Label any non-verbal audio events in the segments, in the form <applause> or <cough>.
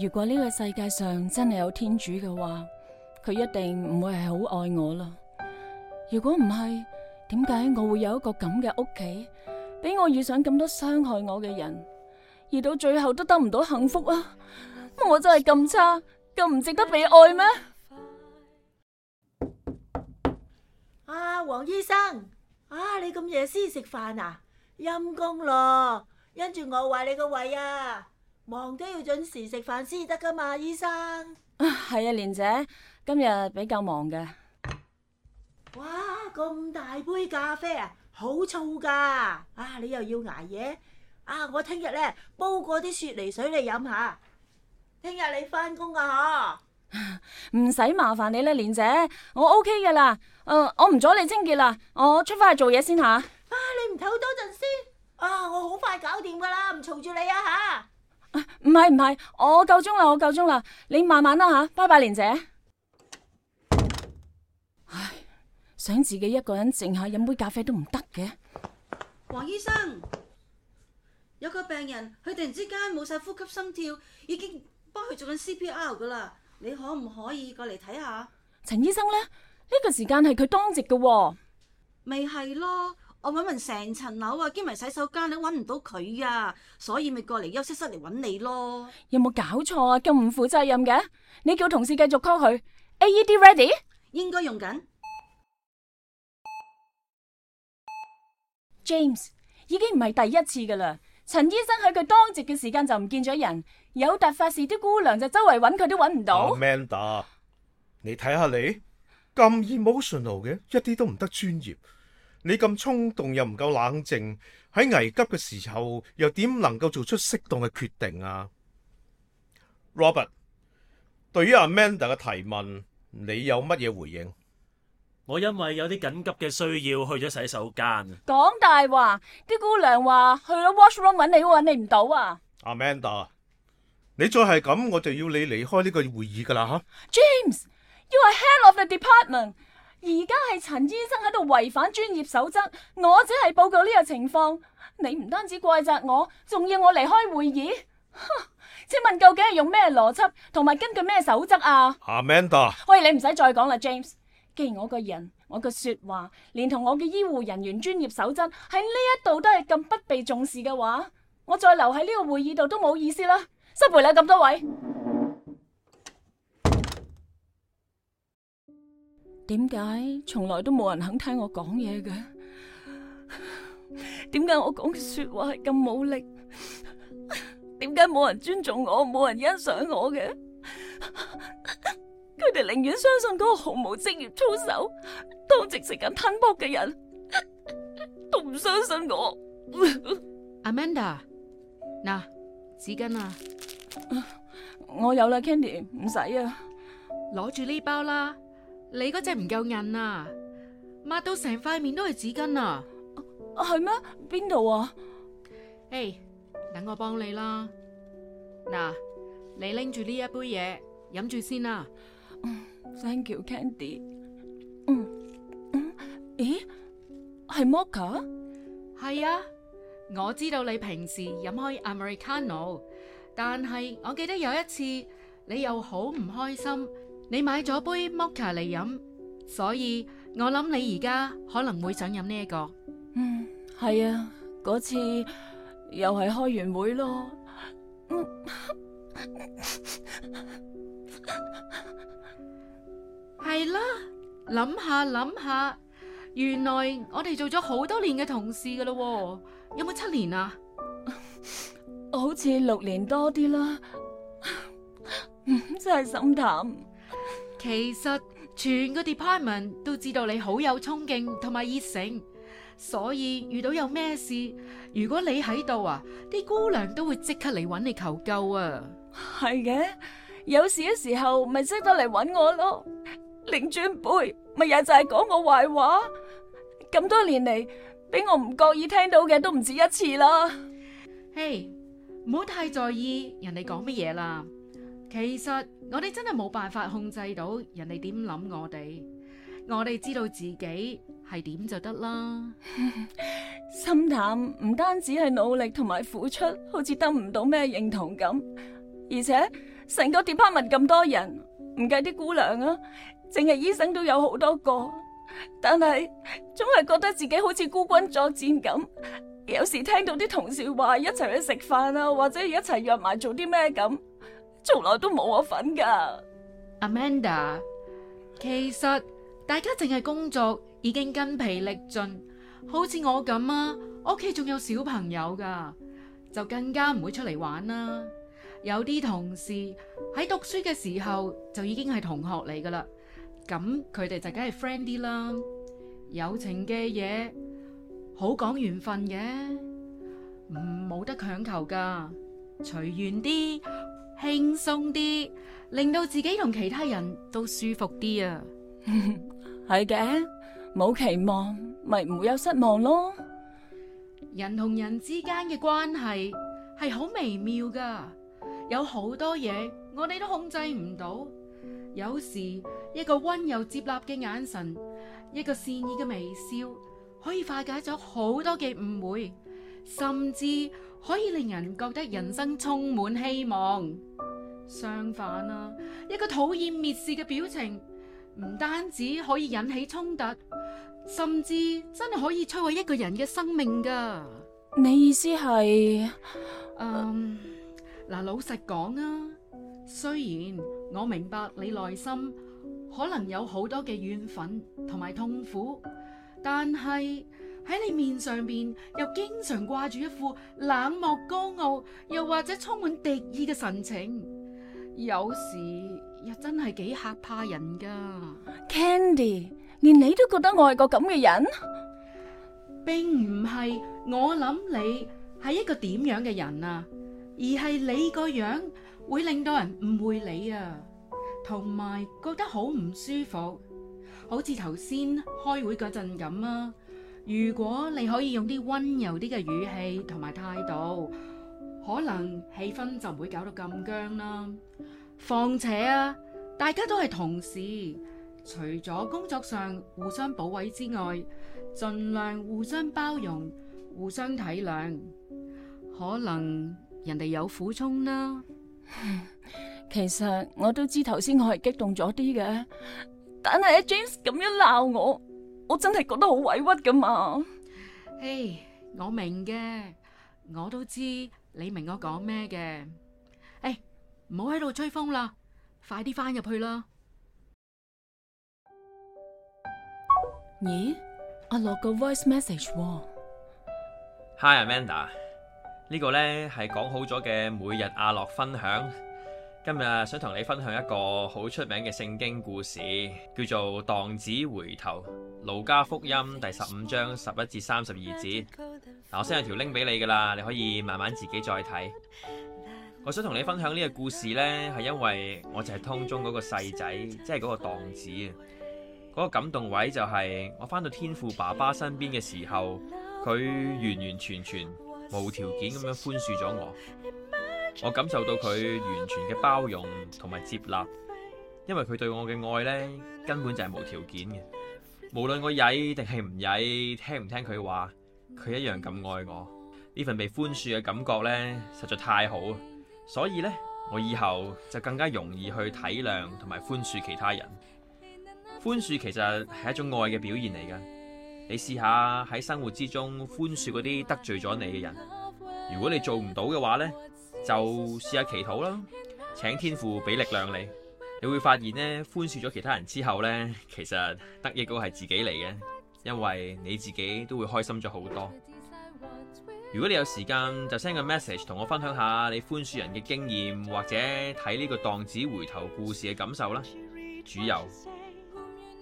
如果呢個世界上真係有天主嘅話，佢一定唔會係好愛我啦。如果唔係，點解我會有一個咁嘅屋企，俾我遇上咁多傷害我嘅人，而到最後都得唔到幸福啊？我真係咁差，咁唔值得被愛咩？啊黃醫生，啊你咁夜先食飯啊？陰功咯，因住餓壞你個胃啊！忙都要準時食飯先得噶嘛，醫生。係啊，蓮、啊、姐今日比較忙嘅。哇，咁大杯咖啡啊，好燥噶啊！你又要挨夜？啊？我聽日咧煲過啲雪梨水你飲下。聽日你翻工噶嗬？唔使、啊、麻煩你啦，蓮姐，我 OK 噶啦。誒、呃，我唔阻你清潔啦，我出翻去做嘢先吓。啊，啊你唔唞多陣先啊！我好快搞掂噶啦，唔嘈住你啊吓。唔係唔係，我夠鐘啦，我夠鐘啦，你慢慢啦吓，拜拜，蓮姐。唉，想自己一個人靜下飲杯咖啡都唔得嘅。黃醫生，有個病人佢突然之間冇晒呼吸心跳，已經幫佢做緊 CPR 噶啦，你可唔可以過嚟睇下？陳醫生咧，呢個時間係佢當值嘅？哦，咪係咯。我搵匀成層樓啊，兼埋洗手間都搵唔到佢啊，所以咪過嚟休息室嚟揾你咯。有冇搞錯啊？咁唔負責任嘅，你叫同事繼續 call 佢。AED you ready，應該用緊。James 已經唔係第一次噶啦，陳醫生喺佢當值嘅時間就唔見咗人，有突發事，啲姑娘就周圍揾佢都揾唔到。Amanda，你睇下你咁 emotional 嘅，一啲都唔得專業。你咁衝動又唔夠冷靜，喺危急嘅時候又點能夠做出適當嘅決定啊？Robert，對於 Amanda 嘅提問，你有乜嘢回應？我因為有啲緊急嘅需要，去咗洗手間。講大話，啲姑娘話去咗 washroom 揾你，揾你唔到啊！Amanda，你再係咁，我就要你離開呢個會議噶啦！哈！James，you are head of the department。而家係陳醫生喺度違反專業守則，我只係報告呢個情況，你唔單止怪責我，仲要我離開會議？請問究竟係用咩邏輯同埋根據咩守則啊？Amanda，喂，你唔使再講啦，James。既然我個人、我嘅說話，連同我嘅醫護人員專業守則喺呢一度都係咁不被重視嘅話，我再留喺呢個會議度都冇意思啦，失陪啦，咁多位。點解從來都冇人肯聽我講嘢嘅？點解我講嘅說話係咁冇力？點解冇人尊重我、冇人欣賞我嘅？佢哋寧願相信嗰個毫無職業操守、當值時間吞泡嘅人，都唔相信我。Amanda，嗱，紙巾啊，我有啦，Candy，唔使啊，攞住呢包啦。你嗰隻唔夠韌啊！抹到成塊面都係紙巾啊！係咩？邊度啊？誒，等、啊 hey, 我幫你啦。嗱、啊，你拎住呢一杯嘢飲住先啦、啊。Thank you, Candy 嗯。嗯嗯，咦？係摩卡？係啊，我知道你平時飲開 Americano，但係我記得有一次你又好唔開心。你買咗杯 Mocha 嚟飲，所以我諗你而家可能會想飲呢一個。嗯，係啊，嗰次又係開完會咯。嗯，係啦，諗下諗下，原來我哋做咗好多年嘅同事噶啦，有冇七年啊？好似六年多啲啦，嗯，真係心淡。其實全個 department 都知道你好有衝勁同埋熱誠，所以遇到有咩事，如果你喺度啊，啲姑娘都會即刻嚟搵你求救啊。係嘅，有事嘅時候咪識得嚟搵我咯。擰轉背，咪日就係講我壞話，咁多年嚟俾我唔覺意聽到嘅都唔止一次啦。嘿，唔好太在意人哋講乜嘢啦。其實我哋真係冇辦法控制到人哋點諗我哋，我哋知道自己係點就得啦。心 <laughs> 淡唔單止係努力同埋付出，好似得唔到咩認同咁，而且成個 department 咁多人，唔計啲姑娘啊，淨係醫生都有好多個，但係總係覺得自己好似孤軍作戰咁。有時聽到啲同事話一齊去食飯啊，或者一齊約埋做啲咩咁。從來都冇我份噶，Amanda。其實大家淨係工作已經筋疲力盡，好似我咁啊，屋企仲有小朋友噶，就更加唔會出嚟玩啦。有啲同事喺讀書嘅時候就已經係同學嚟噶啦，咁佢哋就梗係 friend 啲啦。友情嘅嘢好講緣分嘅，唔冇得強求噶，隨緣啲。輕鬆啲，令到自己同其他人都舒服啲啊！係嘅，冇期望咪唔會有失望咯。人同人之間嘅關係係好微妙噶，有好多嘢我哋都控制唔到。有時一個溫柔接納嘅眼神，一個善意嘅微笑，可以化解咗好多嘅誤會。甚至可以令人覺得人生充滿希望。相反啦、啊，一個討厭蔑視嘅表情，唔單止可以引起衝突，甚至真係可以摧毀一個人嘅生命噶。你意思係？嗯，嗱，老實講啊，雖然我明白你內心可能有好多嘅怨憤同埋痛苦，但係。.喺你面上邊又經常掛住一副冷漠高傲，又或者充滿敵意嘅神情，有時又真係幾吓怕人㗎。Candy，連你都覺得我係個咁嘅人？並唔係我諗你係一個點樣嘅人啊，而係你個樣會令到人誤會你啊，同埋覺得好唔舒服，好似頭先開會嗰陣咁啊。如果你可以用啲温柔啲嘅語氣同埋態度，可能氣氛就唔會搞到咁僵啦。況且啊，大家都係同事，除咗工作上互相補位之外，盡量互相包容、互相體諒。可能人哋有苦衷啦。其實我都知頭先我係激動咗啲嘅，但係阿 James 咁樣鬧我。我真係覺得好委屈噶嘛！哎，我明嘅，我都知你明我講咩嘅。哎，唔好喺度吹風啦，快啲翻入去啦。咦？阿樂個 voice message？Hi Amanda，呢個咧係講好咗嘅每日阿樂分享。今日想同你分享一個好出名嘅聖經故事，叫做蕩子回頭。路家福音第十五章十一至三十二節。嗱，我先有條拎 i 俾你噶啦，你可以慢慢自己再睇。我想同你分享呢個故事呢，係因為我就係通中嗰個細仔，即係嗰個蕩子嗰、那個感動位就係我翻到天父爸爸身邊嘅時候，佢完完全全無條件咁樣寬恕咗我。我感受到佢完全嘅包容同埋接納，因為佢對我嘅愛咧根本就係無條件嘅，無論我曳定係唔曳，聽唔聽佢話，佢一樣咁愛我。呢份被寬恕嘅感覺咧實在太好，所以咧我以後就更加容易去體諒同埋寬恕其他人。寬恕其實係一種愛嘅表現嚟噶，你試下喺生活之中寬恕嗰啲得罪咗你嘅人，如果你做唔到嘅話咧。就試下祈禱啦，請天父俾力量你，你會發現呢，寬恕咗其他人之後呢，其實得益嗰個係自己嚟嘅，因為你自己都會開心咗好多。如果你有時間，就 send 個 message 同我分享一下你寬恕人嘅經驗，或者睇呢個浪子回頭故事嘅感受啦。主佑，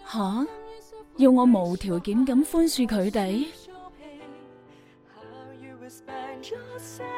吓、啊、要我無條件咁寬恕佢哋？ <music>